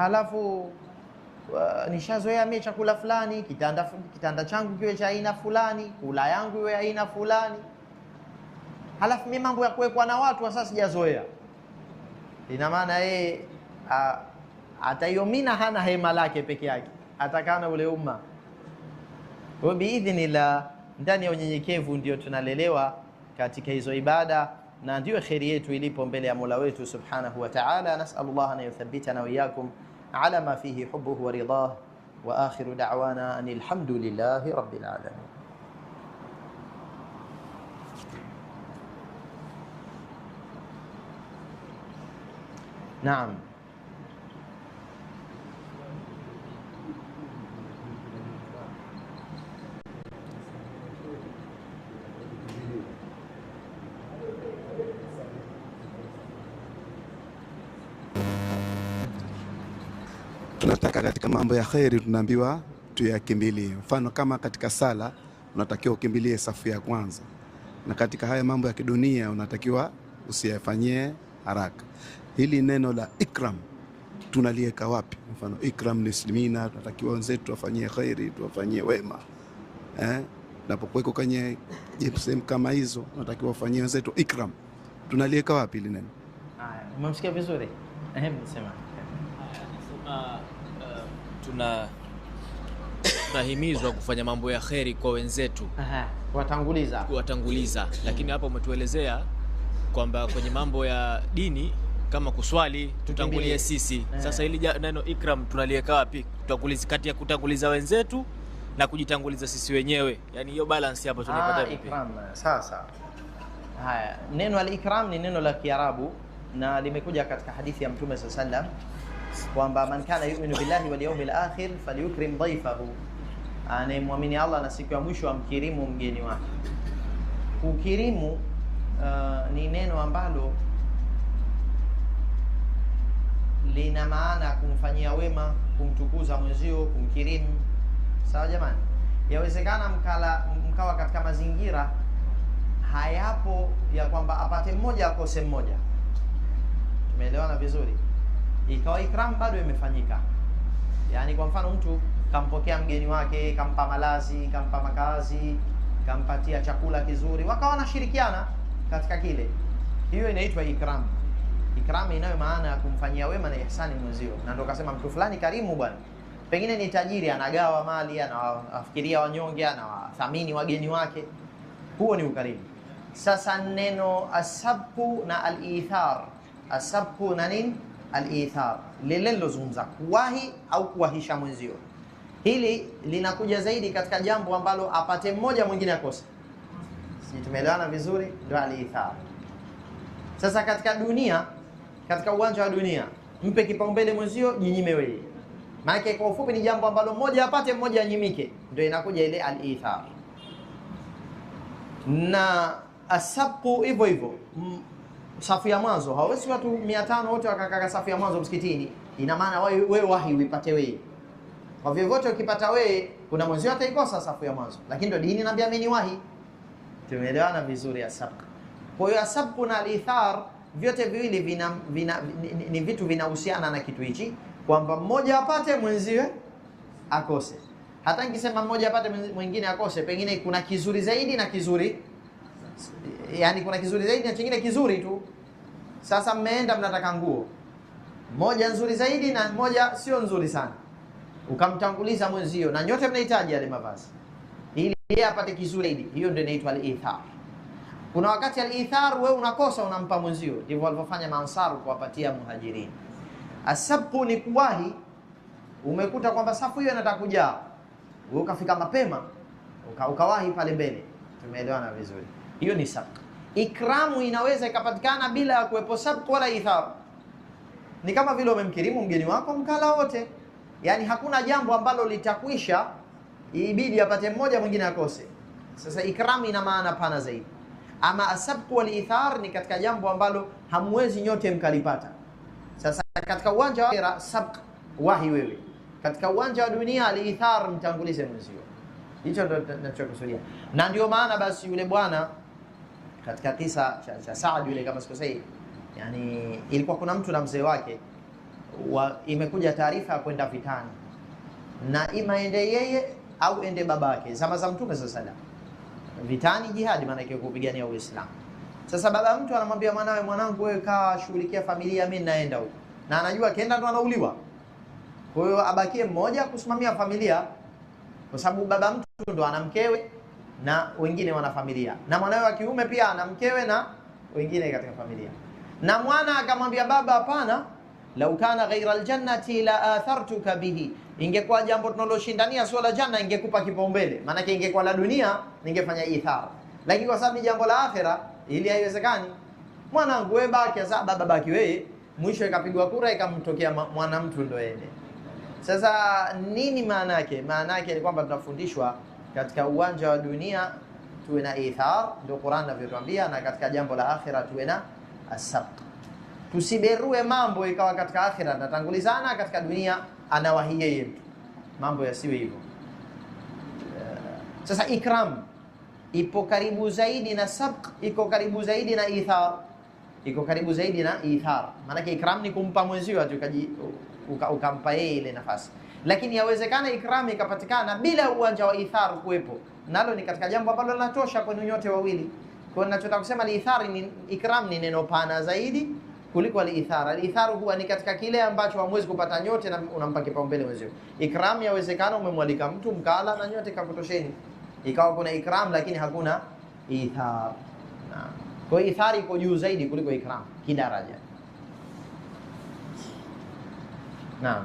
halafu uh, nishazoea mie chakula fulani, kitanda kitanda changu kiwe cha aina fulani, kula yangu iwe aina fulani, halafu mimi mambo ya kuwekwa na watu sasa sijazoea. Ina maana yeye hata hiyo mina hana hema lake peke yake, atakana ule umma kwa biidhnillah. Ndani ya unyenyekevu ndio tunalelewa katika hizo ibada, na ndio kheri yetu ilipo mbele ya Mola wetu subhanahu wa ta'ala. Nasallallahu an yuthabbitana wa iyyakum على ما فيه حبه ورضاه واخر دعوانا ان الحمد لله رب العالمين نعم tunataka katika mambo ya kheri tunaambiwa tuyakimbilie. Mfano kama katika sala unatakiwa ukimbilie safu ya kwanza, na katika haya mambo ya kidunia unatakiwa usiyafanyie haraka. Hili neno la ikram tunalieka wapi? Mfano ikram lislimina, tunatakiwa wenzetu wafanyie kheri, tuwafanyie wema eh? Napokuweko kwenye sehemu kama hizo, unatakiwa wafanyie wenzetu ikram, tunalieka wapi hili neno? Umemsikia vizuri? Ehe, msema tuna tunahimizwa kufanya mambo ya kheri kwa wenzetu, kuwatanguliza kuwatanguliza. Lakini hapa umetuelezea kwamba kwenye mambo ya dini kama kuswali tutangulie sisi. Sasa hili neno ikram tunaliweka wapi? kati ya kutanguliza wenzetu na kujitanguliza sisi wenyewe, yani hiyo balance hapo tunaipata ah, vipi? Sasa haya neno al-ikram ni neno la Kiarabu na limekuja katika hadithi ya Mtume sallallahu alaihi wasallam kwamba man kana yu'minu billahi wal yawmil akhir falyukrim dhaifahu, anayemwamini Allah na siku ya mwisho amkirimu mgeni wake. Kukirimu uh, ni neno ambalo lina maana ya kumfanyia wema, kumtukuza mwenzio, kumkirimu. Sawa jamani, yawezekana mkala mkawa katika mazingira hayapo ya kwamba apate mmoja akose mmoja. Tumeelewana vizuri? ikawa ikram bado imefanyika. Yaani kwa mfano mtu kampokea mgeni wake, kampa malazi, kampa makazi, kampatia chakula kizuri, wakawa wanashirikiana katika kile, hiyo inaitwa ikram. Ikram inayo maana ya kumfanyia wema na ihsani mwenzio, na ndio kasema mtu fulani karimu bwana, pengine ni tajiri, anagawa mali, anawafikiria wanyonge, anawathamini wageni wake, huo ni ukarimu. Sasa neno asabku na alithar, asabku na nini al-ithar, lile lilozungumza kuwahi au kuwahisha mwenzio, hili linakuja zaidi katika jambo ambalo apate mmoja mwingine akose. Sisi tumeelewana vizuri, ndio al-ithar. Sasa katika dunia, katika uwanja wa dunia, mpe kipaumbele mwenzio, jinyime wewe. Maana kwa ufupi ni jambo ambalo mmoja apate mmoja anyimike, ndio inakuja ile al-ithar na asabu hivyo hivyo safu ya mwanzo, Hawezi watu 500 wote wakakaa safu ya mwanzo msikitini. Ina maana wewe wahi uipate wewe, kwa vyovyote ukipata wewe, kuna mwenzio ataikosa safu ya mwanzo, lakini ndio dini inaambia mimi ni wahi. Tumeelewana vizuri ya sabq. Kwa hiyo asabqu na alithar vyote viwili vina, vina, ni, ni vitu vinahusiana na kitu hichi kwamba mmoja apate mwenziwe akose. Hata nikisema mmoja apate mwingine akose, pengine kuna kizuri zaidi na kizuri yani kuna kizuri zaidi na chingine kizuri tu. Sasa mmeenda mnataka nguo moja nzuri zaidi na moja sio nzuri sana, ukamtanguliza mwenzio, na nyote mnahitaji yale mavazi ili yeye apate kizuri zaidi. Hiyo ndio inaitwa al-ithar. Kuna wakati al-ithar wewe unakosa, unampa mwenzio. Ndivyo walivyofanya Mansaru kuwapatia Muhajirini. Asabqu ni kuwahi, umekuta kwamba safu hiyo inataka kujaa, wewe ukafika mapema uka, ukawahi pale mbele. Tumeelewana vizuri hiyo ni sabq. Ikramu inaweza ikapatikana bila ya kuwepo sabq wala ithar. Ni kama vile umemkirimu mgeni wako mkala wote, yaani hakuna jambo ambalo litakwisha, ibidi apate mmoja mwingine akose. Sasa ikramu ina maana pana zaidi. Ama asabqu wal ithar ni katika jambo ambalo hamwezi nyote mkalipata. Sasa katika uwanja wa akhera, sabq wahi wewe, katika uwanja wa dunia alithar, mtangulize mwenzio. Hicho ndio ninachokusudia, na ndio maana basi yule bwana katika kisa cha, cha Saad yule kama sikosei, yani ilikuwa kuna mtu na mzee wake wa, imekuja taarifa ya kwenda vitani, na ima ende yeye au ende babake, zama za Mtume sallallahu alaihi Vitani jihadi, maana yake kupigania Uislamu. Sasa baba mtu anamwambia mwanawe, mwanangu, wewe kaa shughulikia familia, mimi naenda huko, na anajua akienda ndo anauliwa. Kwa hiyo abakie mmoja kusimamia familia, kwa sababu baba mtu ndo ana mkewe na wengine wana familia, na mwanawe wa kiume pia ana mkewe na wengine katika familia. Na mwana akamwambia baba, hapana, lau kana ghaira aljannati la athartuka bihi, ingekuwa jambo tunaloshindania sio la janna, ingekupa kipaumbele. Maanake ingekuwa la dunia, ningefanya ithar lakini kwa sababu ni jambo la akhera, ili haiwezekani. Mwanangu wewe baki, sasa baba baki wewe. Mwisho ikapigwa kura, ikamtokea mwanamtu ndio ende. Sasa nini maana yake? Maana yake ni kwamba tunafundishwa katika uwanja wa dunia tuwe na ithar, ndio Qur'an inavyotuambia, na katika jambo la akhira tuwe na asaq. Tusiberue mambo ikawa katika akhira natangulizana katika dunia anawahi yeye mtu, mambo yasiwe hivyo. Eh, sasa ikram ipo karibu zaidi na sabq, iko karibu zaidi na ithar, iko karibu zaidi na ithar. Maanake ikram ni kumpa mwenzio ukampa uka yeye ile nafasi lakini yawezekana ikram ikapatikana bila uwanja wa ithar kuwepo, nalo ni katika jambo ambalo linatosha kwenu nyote wawili. Kwa ninachotaka kusema ni ithari ni ikram, ni neno pana zaidi kuliko al-ithar. huwa ni katika kile ambacho hamwezi kupata nyote na unampa kipaumbele mwenzio. Ikram yawezekana umemwalika mtu mkala na nyote kakutosheni, ikawa kuna ikram lakini hakuna ithar. Kwa hiyo ithari iko juu zaidi kuliko ikram kidaraja. Naam.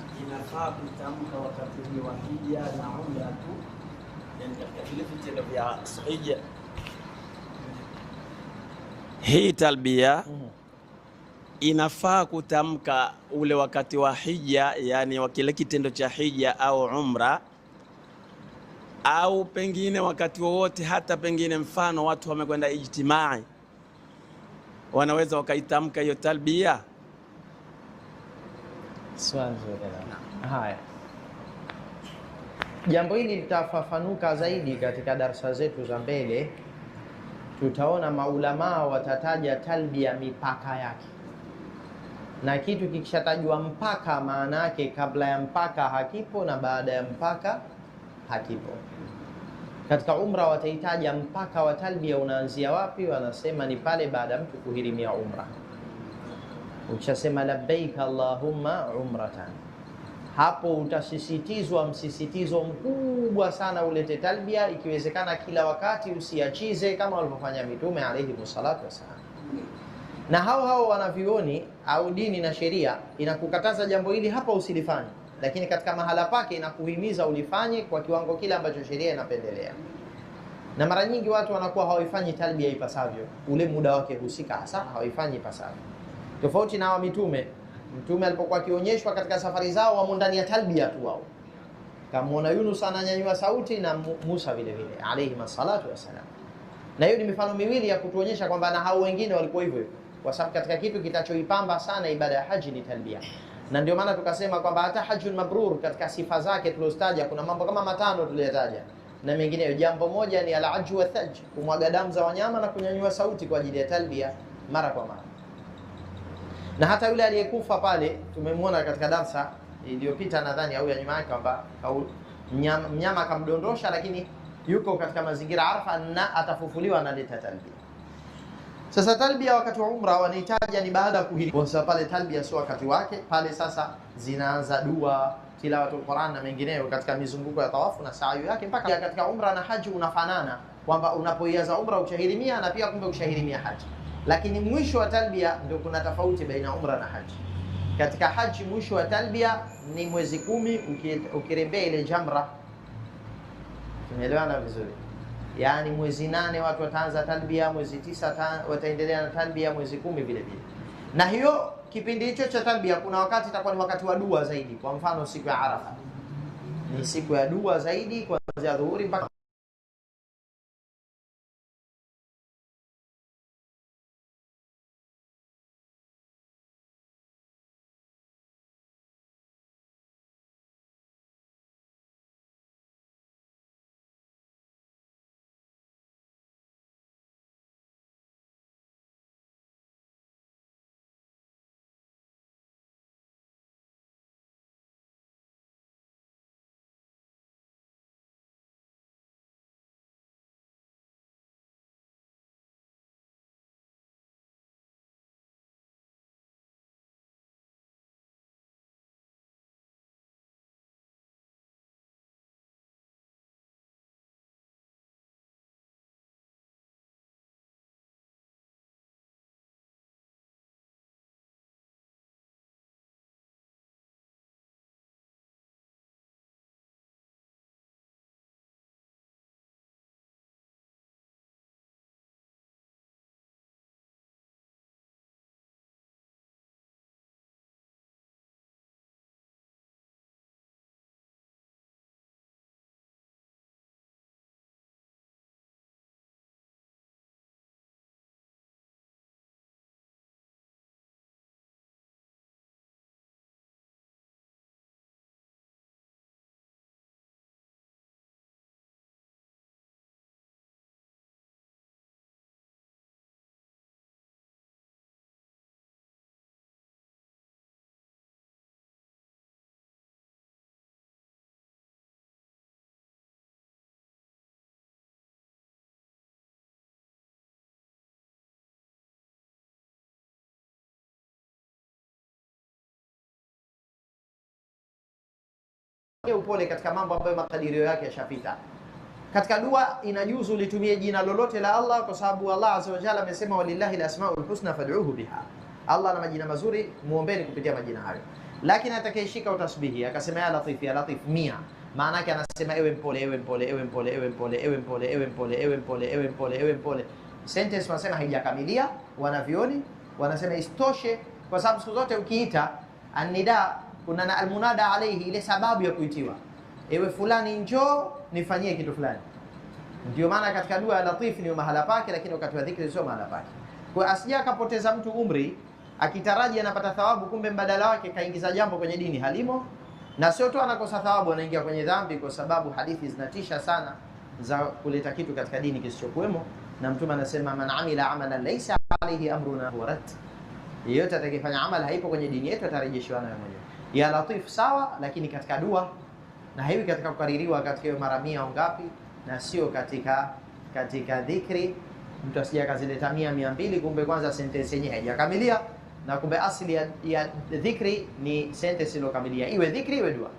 kinafaa kutamka wakati wa hija na umra tu, yani katika vile vitendo vya hija. Hii talbia mm-hmm. inafaa kutamka ule wakati wa hija, yani wa kile kitendo cha hija au umra au pengine wakati wowote, hata pengine mfano watu wamekwenda ijtimai, wanaweza wakaitamka hiyo talbia Swali zuri. Haya, jambo hili litafafanuka zaidi katika darsa zetu za mbele. Tutaona maulamaa watataja talbia mipaka yake, na kitu kikishatajwa mpaka, maana yake kabla ya mpaka hakipo na baada ya mpaka hakipo. Katika umra wataitaja mpaka wa talbia unaanzia wapi, wanasema ni pale baada ya mtu kuhirimia umra. Ukishasema labbaika allahumma umratan, hapo utasisitizwa msisitizo mkubwa sana, ulete talbia, ikiwezekana kila wakati, usiachize kama walivyofanya mitume alayhi salatu wassalam. Na hao hao wanavyuoni au dini na sheria inakukataza jambo hili, hapa usilifanye, lakini katika mahala pake inakuhimiza ulifanye kwa kiwango kile ambacho sheria inapendelea na mara nyingi watu wanakuwa hawaifanyi talbia ipasavyo, ule muda wake husika hasa hawaifanyi ipasavyo tofauti na hawa mitume. Mtume alipokuwa akionyeshwa katika safari zao, wamo ndani ya talbia tu wao. Kamwona Yunus ananyanyua sauti na Musa vile vile alayhi salatu wasalam. na hiyo ni mifano miwili ya kutuonyesha kwamba na hao wengine walikuwa hivyo kwa sababu katika kitu kitachoipamba sana ibada ya haji ni talbia, na ndio maana tukasema kwamba hata hajjul mabrur katika sifa zake tuliostaja kuna mambo kama matano tuliyotaja na mengineyo. Jambo moja ni al-ajwa thaj, kumwaga damu za wanyama na kunyanyua sauti kwa ajili ya talbia mara kwa mara na hata yule aliyekufa pale tumemwona katika darsa iliyopita nadhani au ya nyuma yake kwamba mnyama, akamdondosha, lakini yuko katika mazingira arfa na atafufuliwa, na leta talbia. Sasa talbia wakati wa umra wanaitaja ni baada ya kuhili. sababu pale talbia sio wakati wake pale, sasa zinaanza dua tilawatul Qur'an na mengineyo katika mizunguko ya tawafu na sa'i yake, mpaka ya katika umra na haji unafanana kwamba unapoianza umra ushahirimia na pia kumbe ushahirimia haji. Lakini mwisho wa talbia ndio kuna tofauti baina umra na haji. Katika haji mwisho wa talbia ni mwezi kumi, ukirembea ile jamra. Tumeelewana vizuri? Yaani mwezi nane watu wataanza talbia, mwezi tisa wataendelea na talbia, mwezi kumi vile vile. Na hiyo kipindi hicho cha talbia, kuna wakati itakuwa ni wakati wa dua zaidi. Kwa mfano siku ya Arafa ni siku ya dua zaidi, kuanzia dhuhuri mpaka upole katika mambo ambayo makadirio yake yashapita. Katika dua inajuzu litumie jina lolote la Allah kwa sababu Allah azza wa jalla amesema walillahi alasmaul husna fad'uhu biha. Allah ana majina mazuri, muombeni kupitia majina hayo. Lakini atakayeshika utasbihi akasema ya latif ya latif mia, maana yake anasema ewe mpole, ewe mpole, ewe mpole, ewe mpole, ewe mpole, ewe mpole, ewe mpole, ewe mpole, ewe mpole. Sentence wanasema haijakamilia, wanavioni wanasema isitoshe, kwa sababu siku zote ukiita anida kuna na almunada alaihi, ile sababu ya kuitiwa, ewe fulani njoo nifanyie kitu fulani. Ndio maana katika dua ya Latif ni mahala pake, lakini wakati wa dhikri sio mahala pake. Kwa asija akapoteza mtu umri akitaraji anapata thawabu, kumbe mbadala wake kaingiza jambo kwenye dini halimo, na sio tu anakosa thawabu, anaingia kwenye dhambi, kwa sababu hadithi zinatisha sana za kuleta kitu katika dini kisichokuwemo, na Mtume anasema man amila amalan laysa alayhi amruna huwa rat, yeyote atakayefanya amali haipo kwenye dini yetu atarejeshwa nayo moja ya Latif sawa, lakini katika dua na hivi katika kukaririwa katika hiyo mara mia ngapi, na sio katika katika dhikri. Mtu asije akazileta mia mia mbili, kumbe kwanza sentensi yenyewe haijakamilia, na kumbe asili ya, ya dhikri ni sentensi iliyokamilia, iwe dhikri iwe dua.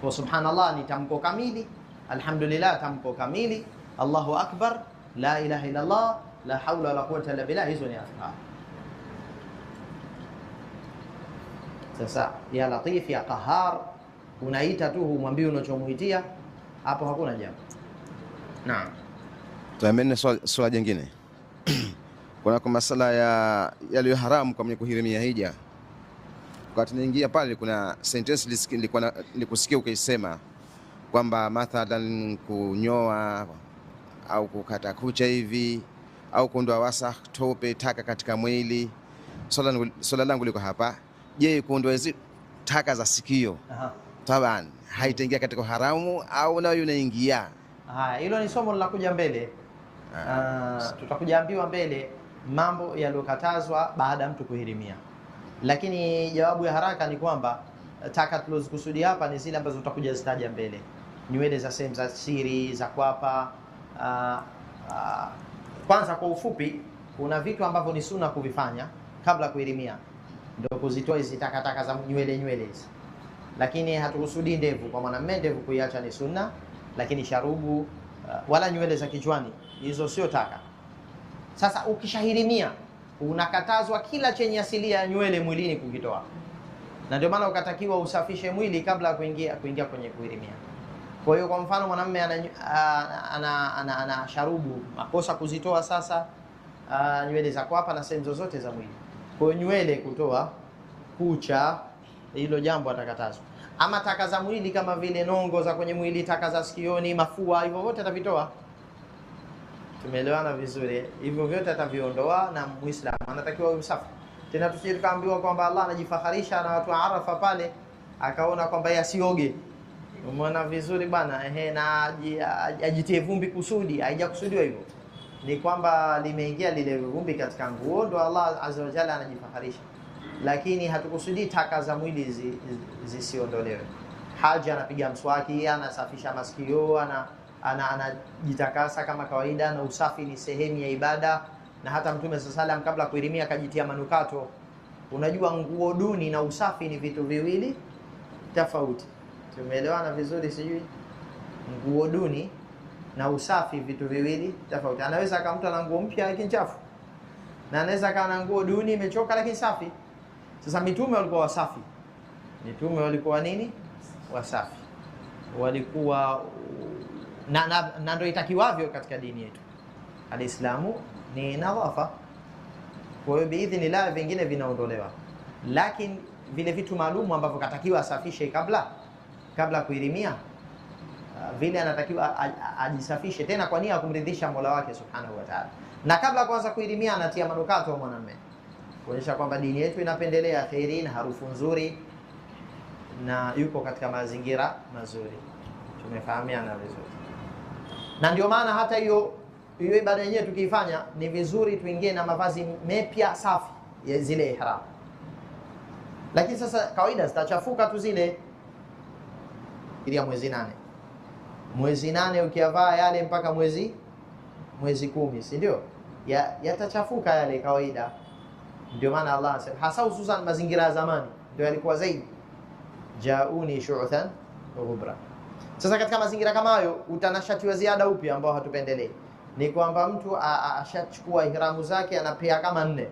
Kwa subhanallah ni tamko kamili, alhamdulillah tamko kamili, Allahu akbar, la ilaha illa Allah, la haula wala quwwata illa billah. Hizo ni azkar. Sasa ya Latif, ya Qahar unaita tu, humwambie unachomuitia hapo, hakuna jambo. Naam, tuamene swala jingine kwa masala ya yaliyo haramu kwa mwenye kuhirimia hija. Wakati niingia pale, kuna sentence nilikuwa nikusikia ukisema kwamba mathalan kunyoa au kukata kucha hivi au kuondoa wasa tope taka katika mwili. Swala langu liko hapa je, kuondoa hizi taka za sikio taban haitaingia katika haramu au nayo inaingia? Hilo ni somo linakuja mbele, ah. Ah, tutakujaambiwa mbele mambo yaliyokatazwa baada ya mtu kuhirimia, lakini jawabu ya haraka ni kwamba eh, taka tulizokusudia hapa ni zile ambazo tutakuja zitaja mbele, nywele za sehemu za siri za kwapa. Ah, kwanza kwa ufupi, kuna vitu ambavyo ni suna kuvifanya kabla kuhirimia kuzitoa hizi takataka za nywele nywele hizi, lakini hatukusudi ndevu, kwa maana ndevu kuiacha ni sunna, lakini sharubu uh, wala nywele za kichwani hizo sio taka. Sasa ukishahirimia unakatazwa kila chenye asilia ya nywele mwilini kukitoa, na ndio maana ukatakiwa usafishe mwili kabla ya kuingia kuingia kwenye kuhirimia. Kwa hiyo kwa mfano mwanamume ana, ana, ana, ana, ana sharubu makosa kuzitoa sasa, uh, nywele za kwapa na sehemu zozote za mwili, kwa hiyo nywele kutoa kucha, hilo jambo atakatazwa. Ama taka za mwili kama vile nongo za kwenye mwili, taka za sikioni, mafua, hivyo vyote atavitoa. Tumeelewana vizuri? Hivyo vyote ataviondoa, na muislamu anatakiwa msafi. Tena tusikaambiwa kwamba Allah anajifaharisha na watu wa Arafa pale, akaona kwamba yeye asioge. Umeona vizuri bwana? Ehe, na ajitie vumbi kusudi, haijakusudiwa hivyo ni kwamba limeingia lile vumbi katika nguo, ndo Allah azza wa jalla anajifaharisha lakini hatukusudii taka za mwili zisiondolewe. Haji anapiga mswaki, anasafisha masikio, anajitakasa ana, ana, kama kawaida, na usafi ni sehemu ya ibada. Na hata Mtume saa kabla ya kuhirimia akajitia manukato. Unajua, nguo duni na usafi ni vitu viwili tofauti. Tumeelewana vizuri? Sijui nguo duni na usafi vitu viwili tofauti. Anaweza akamta ana nguo mpya lakini chafu, na anaweza akawa na nguo duni imechoka lakini safi. Sasa mitume walikuwa wasafi, mitume walikuwa nini? Wasafi walikuwa na, na, na ndio itakiwavyo katika dini yetu. Alislamu ni nadhafa. Kwa hiyo biidhni la vingine vinaondolewa, lakini vile vitu maalumu ambavyo katakiwa asafishe kabla kabla kuirimia uh, vile anatakiwa ajisafishe tena kwa nia ya kumridhisha Mola wake Subhanahu wa Ta'ala, na kabla kuanza kuirimia anatia manukato mwanamume kuonyesha kwamba dini yetu inapendelea kheri na harufu nzuri na yuko katika mazingira mazuri. Tumefahamiana vizuri, na ndio maana hata hiyo hiyo ibada yenyewe tukiifanya ni vizuri tuingie na mavazi mepya safi ya zile ihram, lakini sasa kawaida zitachafuka tu zile. Ili ya mwezi nane, mwezi nane ukiyavaa yale mpaka mwezi mwezi kumi, si ndio? Yatachafuka ya yale kawaida ndio maana Allah anasema hasa hususan mazingira ya zamani ndio yalikuwa zaidi jauni shu'than ghubra. Sasa katika mazingira kama hayo, utanashati wa ziada upi ambao hatupendelei ni kwamba mtu ashachukua ihramu zake anapea kama nne,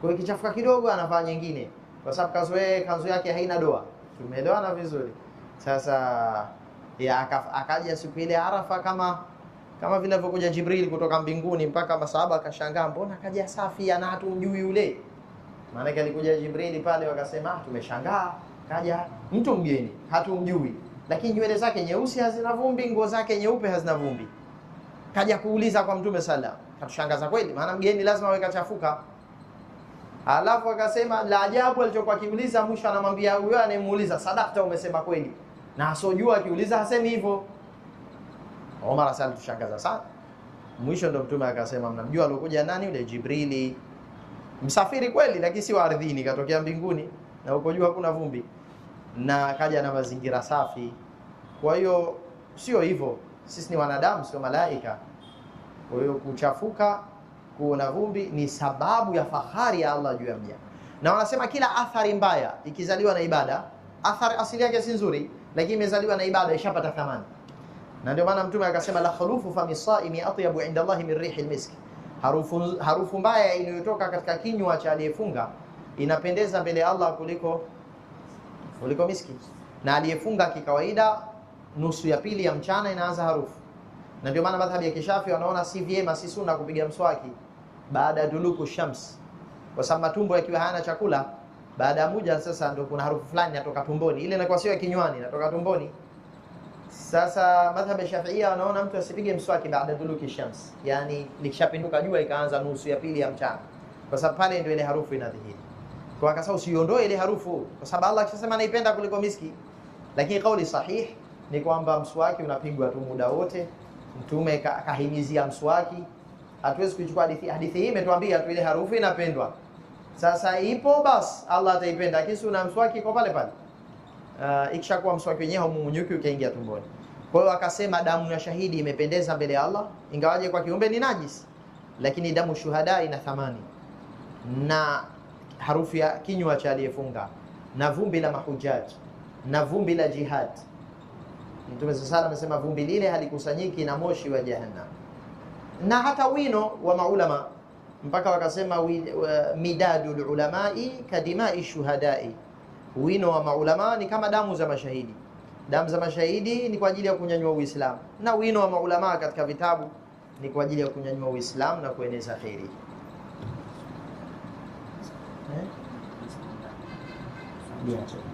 kwa hiyo kichafuka kidogo anavaa nyingine, kwa sababu kanzu yake haina doa. Tumeelewana vizuri? Sasa ya, akaja siku ile Arafa kama kama vile alivyokuja Jibril kutoka mbinguni mpaka masahaba akashangaa, mbona kaja safi ana hatumjui yule. Maanake alikuja Jibril pale, wakasema ah, tumeshangaa, kaja mtu mgeni hatumjui, lakini nywele zake nyeusi hazina vumbi, nguo zake nyeupe hazina vumbi. Kaja kuuliza kwa Mtume sala, katushangaza kweli, maana mgeni lazima awe kachafuka. Alafu akasema la ajabu alichokuwa akiuliza, mwisho anamwambia huyo anayemuuliza, sadakta, umesema kweli. Na asojua akiuliza hasemi hivyo Omar oh. asalitushangaza sana. Mwisho ndo mtume akasema, mnamjua aliokuja nani yule? Jibrili, msafiri kweli, lakini si wa ardhini, katokea mbinguni na huko juu hakuna vumbi, na kaja na mazingira safi. Kwa hiyo sio hivyo, sisi ni wanadamu, sio malaika. Kwa hiyo kuchafuka, kuona vumbi ni sababu ya fahari ya Allah juu ya mja, na wanasema kila athari mbaya ikizaliwa na ibada, athari asili yake si nzuri, lakini imezaliwa na ibada, ishapata thamani na ndio maana Mtume akasema la khulufu fa misaimi atyabu inda Allah min rihi almisk, harufu, harufu mbaya inayotoka katika kinywa cha aliyefunga inapendeza mbele ya Allah kuliko kuliko miski. Na aliyefunga kikawaida, nusu ya pili ya mchana inaanza harufu, na ndio maana madhhabi ya Kishafi wanaona si vyema, si sunna kupiga mswaki baada ya duluku shams, kwa sababu matumbo yakiwa hayana chakula baada ya muda sasa, ndio kuna harufu fulani inatoka tumboni, ile inakuwa sio ya kinywani, inatoka tumboni sasa madhhab ya Shafiia wanaona mtu asipige mswaki baada dhuluki shams, yani likishapinduka jua ikaanza nusu ya pili ya mchana, kwa sababu pale ndio ile harufu inadhihiri. Kwa kasa usiondoe ile harufu, kwa sababu Allah akishasema anaipenda kuliko miski. Lakini kauli sahih ni kwamba mswaki unapigwa tu muda wote. Mtume akahimizia mswaki, hatuwezi kuchukua hadithi. Hadithi hii imetuambia tu ile harufu inapendwa, sasa ipo basi, Allah ataipenda. Lakini si una mswaki kwa pale pale. Uh, ikishakuwa mswaki wenyewe haumunyuki ukaingia tumboni kwa hiyo akasema damu ya shahidi imependeza mbele ya Allah, ingawaje kwa kiumbe ni najis, lakini damu shuhada ina thamani, na harufu ya kinywa cha aliyefunga na vumbi la mahujaji na vumbi la jihad. Mtume sasa amesema vumbi lile halikusanyiki na moshi wa jahannam, na hata wino wa maulama mpaka wakasema uh, midadu lulamai kadimai shuhadai, wino wa maulama ni kama damu za mashahidi. Damu za mashahidi ni kwa ajili ya kunyanyua Uislamu, na wino wa maulamaa katika vitabu ni kwa ajili ya kunyanyua Uislamu na kueneza kheri. Eh?